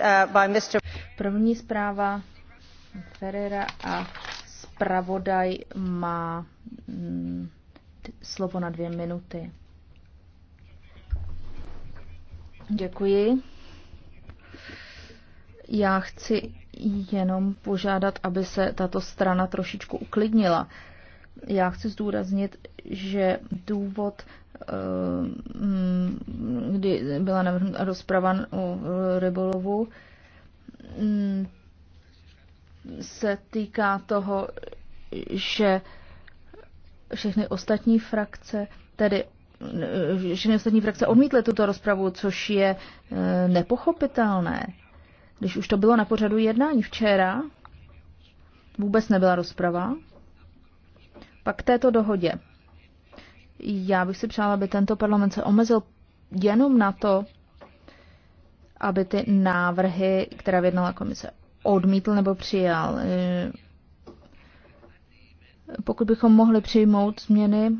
Uh, První zpráva Ferreira a zpravodaj má mm, slovo na dvě minuty. Děkuji. Já chci jenom požádat, aby se tato strana trošičku uklidnila. Já chci zdůraznit, že důvod Eh, kdy byla navrhnuta rozprava o rybolovu, mm, se týká toho, že všechny ostatní frakce, tedy eh, všechny ostatní frakce odmítly tuto rozpravu, což je eh, nepochopitelné. Když už to bylo na pořadu jednání včera, vůbec nebyla rozprava, pak k této dohodě. Já bych si přála, aby tento parlament se omezil jenom na to, aby ty návrhy, které vyjednala komise, odmítl nebo přijal. E, pokud bychom mohli přijmout změny,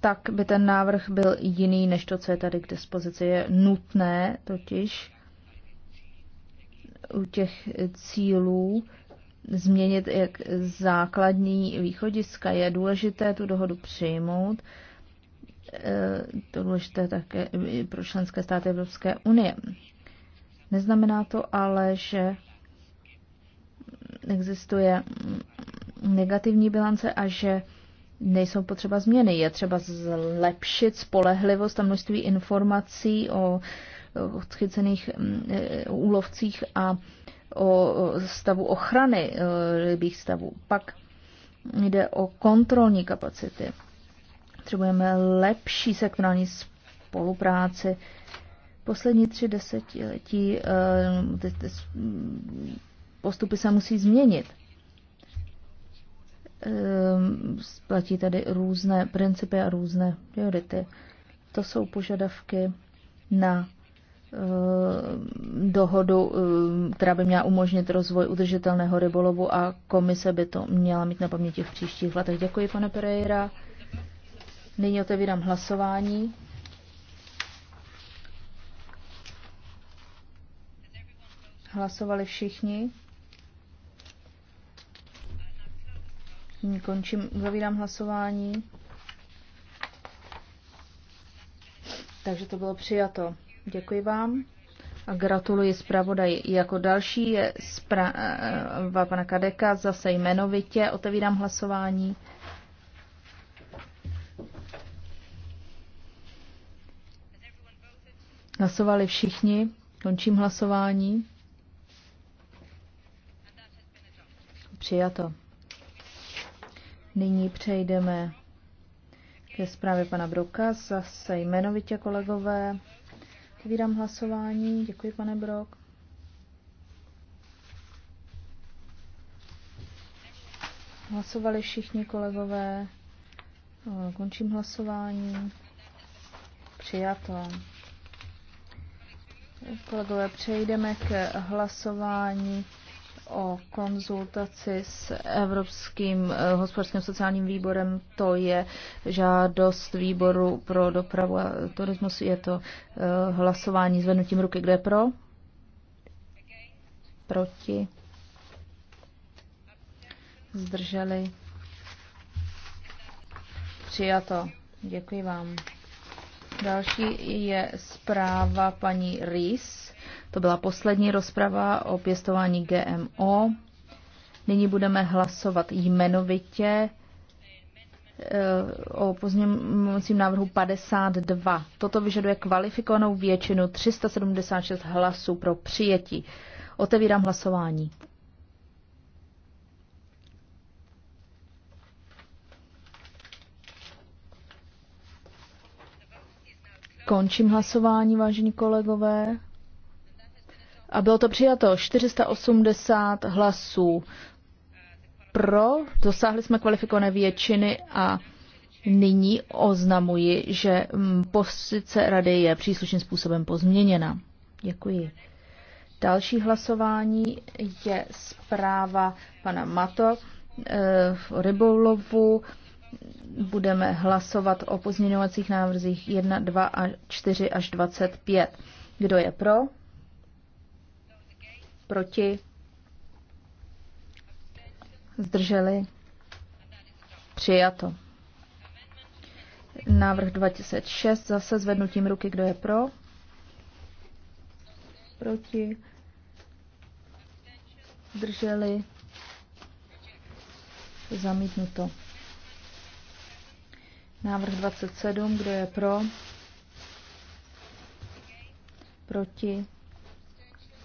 tak by ten návrh byl jiný než to, co je tady k dispozici. Je nutné totiž u těch cílů změnit jak základní východiska. Je důležité tu dohodu přijmout. E, to důležité také pro členské státy Evropské unie. Neznamená to ale, že existuje negativní bilance a že nejsou potřeba změny. Je třeba zlepšit spolehlivost a množství informací o odchycených mm, e, úlovcích a o stavu ochrany e, rybích stavů. Pak jde o kontrolní kapacity. Potřebujeme lepší sektorální spolupráci. Poslední tři desetiletí e, postupy se musí změnit. E, platí tady různé principy a různé priority. To jsou požadavky na Eh, dohodu, eh, která by měla umožnit rozvoj udržitelného rybolovu a komise by to měla mít na paměti v příštích letech. Děkuji, pane Pereira. Nyní otevírám hlasování. Hlasovali všichni. Nyní končím, zavírám hlasování. Takže to bylo přijato. Děkuji vám a gratuluji zpravodaji. Jako další je zpráva pana Kadeka, zase jmenovitě. Otevírám hlasování. Hlasovali všichni. Končím hlasování. Přijato. Nyní přejdeme ke zprávě pana Broka. Zase jmenovitě kolegové. Otevírám hlasování. Děkuji, pane Brok. Hlasovali všichni kolegové. Končím hlasování. Přijato. Kolegové, přejdeme k hlasování o konzultaci s Evropským eh, hospodářským sociálním výborem. To je žádost výboru pro dopravu a turismus. Je to eh, hlasování zvednutím ruky. Kde pro? Proti? Zdrželi? Přijato. Děkuji vám. Další je zpráva paní Rys. To byla poslední rozprava o pěstování GMO. Nyní budeme hlasovat jmenovitě eh, o pozměňovacím návrhu 52. Toto vyžaduje kvalifikovanou většinu 376 hlasů pro přijetí. Otevírám hlasování. Končím hlasování, vážení kolegové. A bylo to přijato 480 hlasů pro, dosáhli jsme kvalifikované většiny a nyní oznamuji, že mm, pozice rady je příslušným způsobem pozměněna. Děkuji. Další hlasování je zpráva pana Mato eh, v rybolovu budeme hlasovat o pozměňovacích návrzích 1, 2 a 4 až 25. Kdo je pro? Proti? Zdrželi? Přijato. Návrh 26, zase zvednutím ruky, kdo je pro? Proti? Zdrželi? Zamítnuto. Návrh 27, kdo je pro? Proti?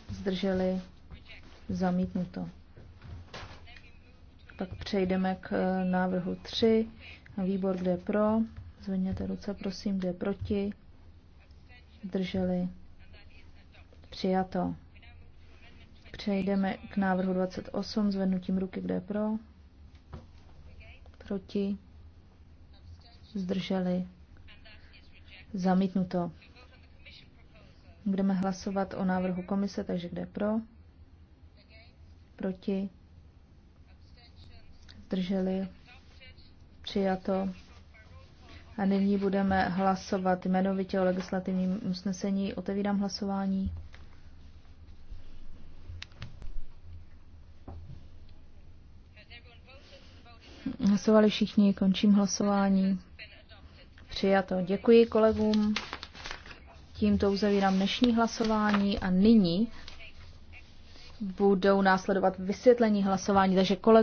Zdrželi? Zamítnuto. Pak přejdeme k eh, návrhu 3. Výbor, kde je pro? Zvedněte ruce, prosím, kde je proti? Zdrželi? Přijato. Přejdeme k návrhu 28 zvednutím ruky, kde je pro? Proti? zdrželi, zamítnuto. Budeme hlasovat o návrhu komise, takže kde pro, proti, zdrželi, přijato. A nyní budeme hlasovat jmenovitě o legislativním usnesení. Otevírám hlasování. Hlasovali všichni, končím hlasování. Přijato. Děkuji kolegům. Tímto uzavírám dnešní hlasování a nyní budou následovat vysvětlení hlasování, takže kolegům.